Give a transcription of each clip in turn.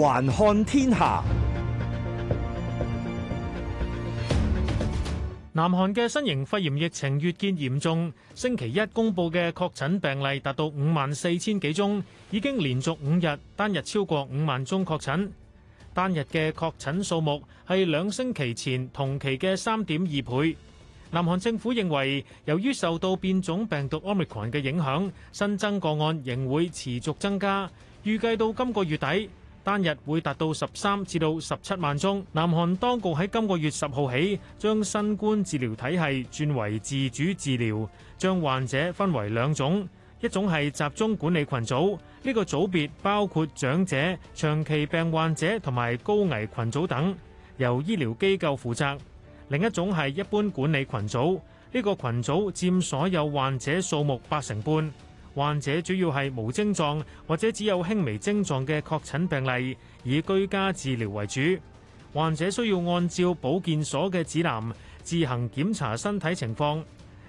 環看天下，南韓嘅新型肺炎疫情越見嚴重。星期一公布嘅確診病例達到五萬四千幾宗，已經連續五日單日超過五萬宗確診。單日嘅確診數目係兩星期前同期嘅三點二倍。南韓政府認為，由於受到變種病毒 Omicron 嘅影響，新增個案仍會持續增加，預計到今個月底。單日會達到十三至到十七萬宗。南韓當局喺今個月十號起，將新冠治療體系轉為自主治療，將患者分為兩種：一種係集中管理群組，呢個組別包括長者、長期病患者同埋高危群組等，由醫療機構負責；另一種係一般管理群組，呢個群組佔所有患者數目八成半。患者主要係無症狀或者只有輕微症狀嘅確診病例，以居家治療為主。患者需要按照保健所嘅指南自行檢查身體情況。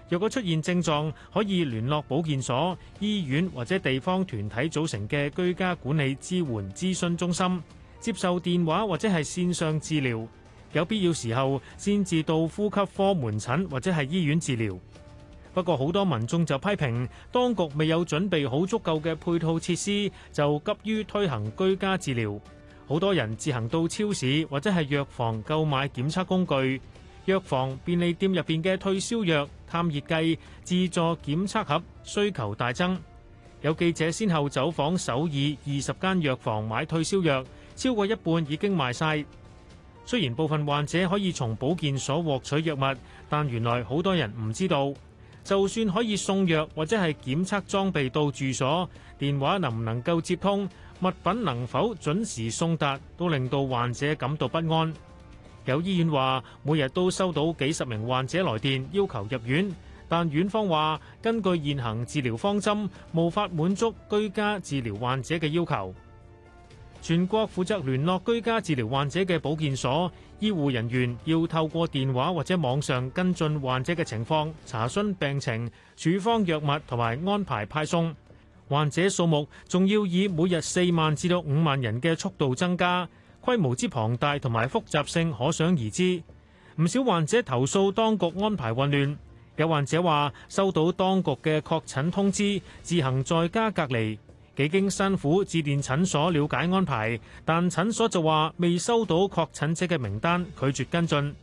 若果出現症狀，可以聯絡保健所、醫院或者地方團體組成嘅居家管理支援諮詢中心，接受電話或者係線上治療。有必要時候，先至到呼吸科門診或者係醫院治療。不過好多民眾就批評當局未有準備好足夠嘅配套設施，就急於推行居家治療。好多人自行到超市或者係藥房購買檢測工具，藥房、便利店入邊嘅退燒藥、探熱計、自助檢測盒需求大增。有記者先後走訪首爾二十間藥房買退燒藥，超過一半已經賣晒。雖然部分患者可以從保健所獲取藥物，但原來好多人唔知道。就算可以送藥或者係檢測裝備到住所，電話能唔能夠接通，物品能否準時送達，都令到患者感到不安。有醫院話，每日都收到幾十名患者來電要求入院，但院方話根據現行治療方針，無法滿足居家治療患者嘅要求。全國負責聯絡居家治療患者嘅保健所醫護人員要透過電話或者網上跟進患者嘅情況，查詢病情、處方藥物同埋安排派送。患者數目仲要以每日四萬至到五萬人嘅速度增加，規模之龐大同埋複雜性可想而知。唔少患者投訴當局安排混亂，有患者話收到當局嘅確診通知，自行在家隔離。幾經辛苦致電診所了解安排，但診所就話未收到確診者嘅名單，拒絕跟進。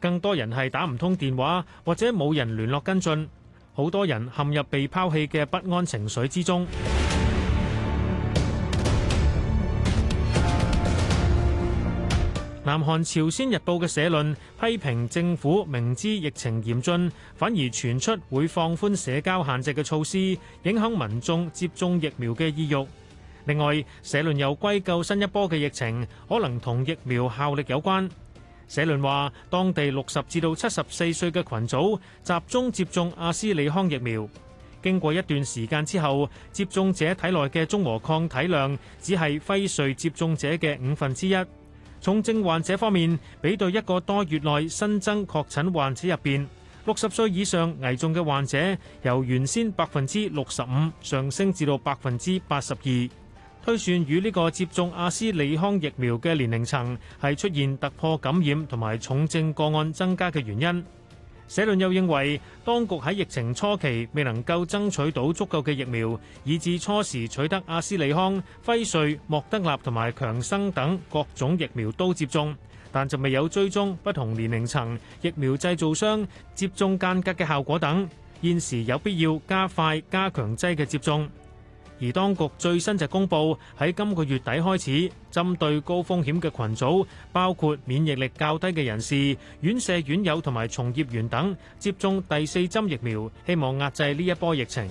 更多人係打唔通電話或者冇人聯絡跟進，好多人陷入被拋棄嘅不安情緒之中。南韓朝鮮日報嘅社論批評政府明知疫情嚴峻，反而傳出會放寬社交限制嘅措施，影響民眾接種疫苗嘅意欲。另外，社論又歸咎新一波嘅疫情可能同疫苗效力有關。社論話，當地六十至到七十四歲嘅群組集中接種阿斯利康疫苗，經過一段時間之後，接種者體內嘅中和抗體量只係輝瑞接種者嘅五分之一。重症患者方面，比對一個多月內新增確診患者入邊，六十歲以上危重嘅患者由原先百分之六十五上升至到百分之八十二，推算與呢個接種阿斯利康疫苗嘅年齡層，係出現突破感染同埋重症個案增加嘅原因。社論又認為，當局喺疫情初期未能夠爭取到足夠嘅疫苗，以致初時取得阿斯利康、輝瑞、莫德納同埋強生等各種疫苗都接種，但就未有追蹤不同年齡層、疫苗製造商、接種間隔嘅效果等。現時有必要加快加強劑嘅接種。而當局最新就公布，喺今個月底開始，針對高風險嘅群組，包括免疫力較低嘅人士、院舍院友同埋從業員等，接種第四針疫苗，希望壓制呢一波疫情。